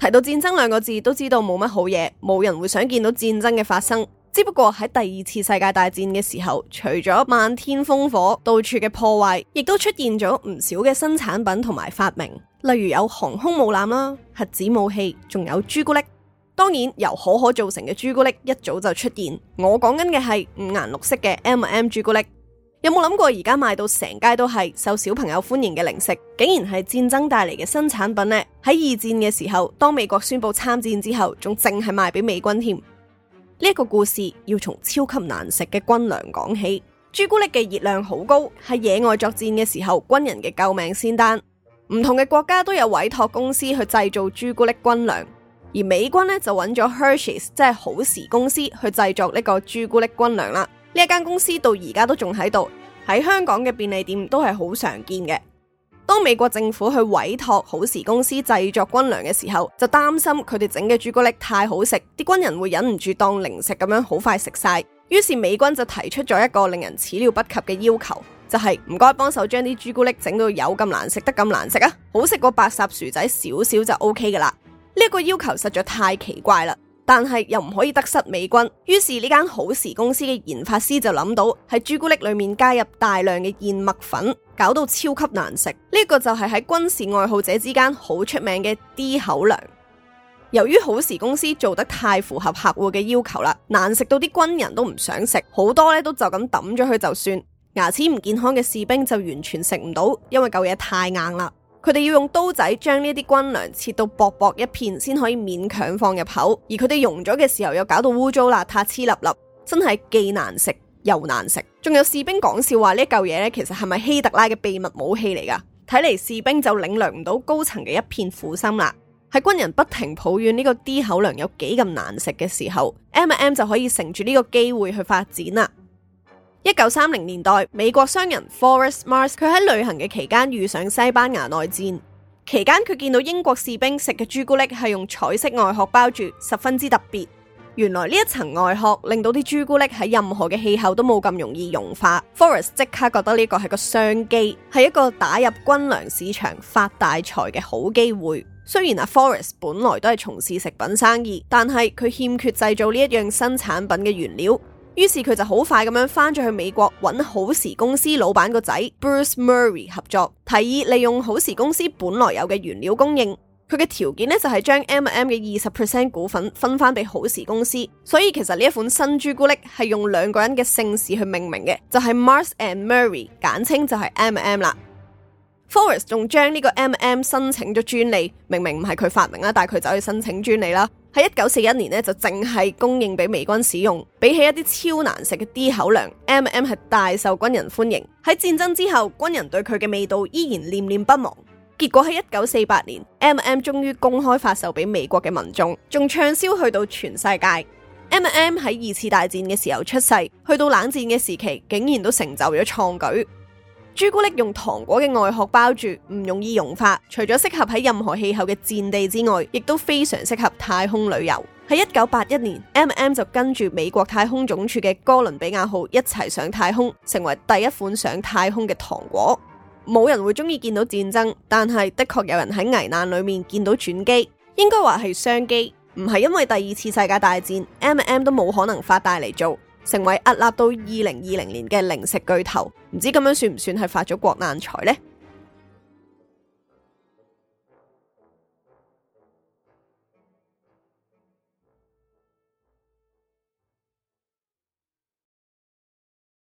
提到戰爭兩個字，都知道冇乜好嘢，冇人會想見到戰爭嘅發生。只不過喺第二次世界大戰嘅時候，除咗漫天烽火、到處嘅破壞，亦都出現咗唔少嘅新產品同埋發明，例如有航空母艦啦、核子武器，仲有朱古力。當然，由可可做成嘅朱古力一早就出現。我講緊嘅係五顏六色嘅 M M 朱古力。有冇諗過而家賣到成街都係受小朋友歡迎嘅零食，竟然係戰爭帶嚟嘅新產品呢？喺二戰嘅時候，當美國宣布參戰之後，仲淨係賣俾美軍添。呢一個故事要從超級難食嘅軍糧講起。朱古力嘅熱量好高，係野外作戰嘅時候，軍人嘅救命仙丹。唔同嘅國家都有委託公司去製造朱古力軍糧，而美軍呢，就揾咗 Hershey，即係好時公司去製作呢個朱古力軍糧啦。呢一間公司到而家都仲喺度，喺香港嘅便利店都係好常見嘅。當美國政府去委託好時公司製作軍糧嘅時候，就擔心佢哋整嘅朱古力太好食，啲軍人會忍唔住當零食咁樣好快食晒。於是美軍就提出咗一個令人始料不及嘅要求，就係唔該幫手將啲朱古力整到有咁難食得咁難食啊，好食過白砂薯仔少少就 OK 噶啦。呢、這、一個要求實在太奇怪啦。但係又唔可以得失美軍，於是呢間好時公司嘅研發師就諗到喺朱古力裏面加入大量嘅燕麥粉，搞到超級難食。呢個就係喺軍事愛好者之間好出名嘅 D 口糧。由於好時公司做得太符合客戶嘅要求啦，難食到啲軍人都唔想食，好多咧都就咁抌咗佢就算。牙齒唔健康嘅士兵就完全食唔到，因為舊嘢太硬啦。佢哋要用刀仔將呢啲軍糧切到薄薄一片，先可以勉強放入口。而佢哋溶咗嘅時候又搞到污糟邋遢，黐粒粒，真係既難食又難食。仲有士兵講笑話，呢嚿嘢咧，其實係咪希特拉嘅秘密武器嚟㗎？睇嚟，士兵就領略唔到高層嘅一片苦心啦。喺軍人不停抱怨呢個低口糧有幾咁難食嘅時候，M&M 就可以乘住呢個機會去發展啦。一九三零年代，美國商人 Forrest Mars 佢喺旅行嘅期間遇上西班牙內戰，期間佢見到英國士兵食嘅朱古力係用彩色外殼包住，十分之特別。原來呢一層外殼令到啲朱古力喺任何嘅氣候都冇咁容易融化。Forrest 即刻覺得呢個係個商機，係一個打入軍糧市場發大財嘅好機會。雖然阿 Forrest 本來都係從事食品生意，但係佢欠缺製造呢一樣新產品嘅原料。於是佢就好快咁樣翻咗去美國揾好時公司老闆個仔 Bruce Murray 合作，提議利用好時公司本來有嘅原料供應。佢嘅條件咧就係將 M M 嘅二十 percent 股份分翻俾好時公司。所以其實呢一款新朱古力係用兩個人嘅姓氏去命名嘅，就係 Mars and Murray，簡稱就係 M M 啦。Forrest 仲將呢個 MM 申請咗專利，明明唔係佢發明啦，但係佢走去申請專利啦。喺一九四一年呢，就淨係供應俾美軍使用。比起一啲超難食嘅 D 口糧，M M 係大受軍人歡迎。喺戰爭之後，軍人對佢嘅味道依然念念不忘。結果喺一九四八年，M M 終於公開發售俾美國嘅民眾，仲暢銷去到全世界。M M 喺二次大戰嘅時候出世，去到冷戰嘅時期，竟然都成就咗創舉。朱古力用糖果嘅外殼包住，唔容易融化，除咗適合喺任何氣候嘅戰地之外，亦都非常適合太空旅遊。喺一九八一年，M&M 就跟住美國太空總署嘅哥倫比亞號一齊上太空，成為第一款上太空嘅糖果。冇人會中意見到戰爭，但係的確有人喺危難裏面見到轉機，應該話係商機，唔係因為第二次世界大戰，M&M 都冇可能發大嚟做。成為屹立到二零二零年嘅零食巨頭，唔知咁樣算唔算係發咗國難財呢？